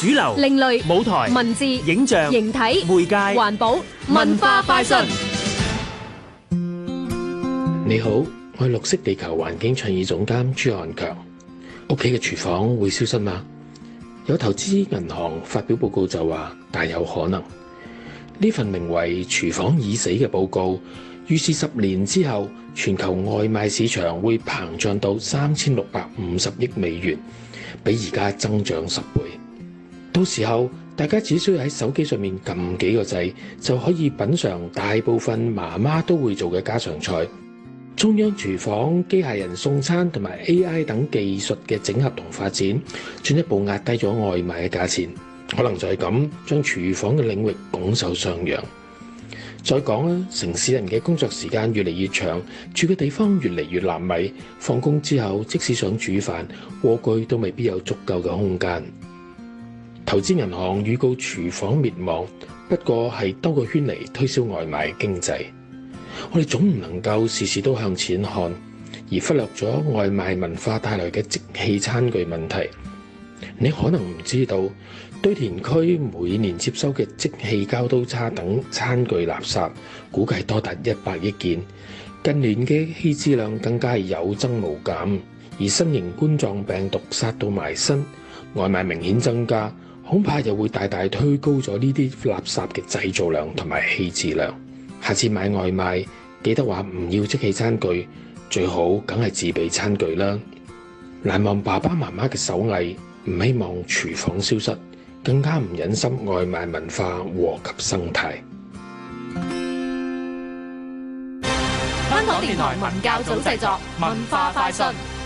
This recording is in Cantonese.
主流、另類、舞台、文字、影像、形體、媒介、環保、文化快訊。你好，我係綠色地球環境創意總監朱漢強。屋企嘅廚房會消失嗎？有投資銀行發表報告就話，大有可能。呢份名為《廚房已死》嘅報告預示十年之後，全球外賣市場會膨脹到三千六百五十億美元，比而家增長十倍。到時候，大家只需要喺手機上面撳幾個掣，就可以品嚐大部分媽媽都會做嘅家常菜。中央廚房、機械人送餐同埋 AI 等技術嘅整合同發展，進一步壓低咗外賣嘅價錢。可能就係咁，將廚房嘅領域拱手相讓。再講啦，城市人嘅工作時間越嚟越長，住嘅地方越嚟越難米。放工之後，即使想煮飯，鍋具都未必有足夠嘅空間。投資銀行預告廚房滅亡，不過係兜個圈嚟推銷外賣經濟。我哋總唔能夠時時都向錢看，而忽略咗外賣文化帶來嘅即棄餐具問題。你可能唔知道，堆填區每年接收嘅即棄膠刀叉等餐具垃圾，估計多達一百億件。近年嘅棄置量更加係有增無減，而新型冠狀病毒殺到埋身，外賣明顯增加。恐怕又會大大推高咗呢啲垃圾嘅製造量同埋棄置量。下次買外賣，記得話唔要即棄餐具，最好梗係自備餐具啦。難忘爸爸媽媽嘅手藝，唔希望廚房消失，更加唔忍心外賣文化禍及生態。香港電台文教組製作，文化快訊。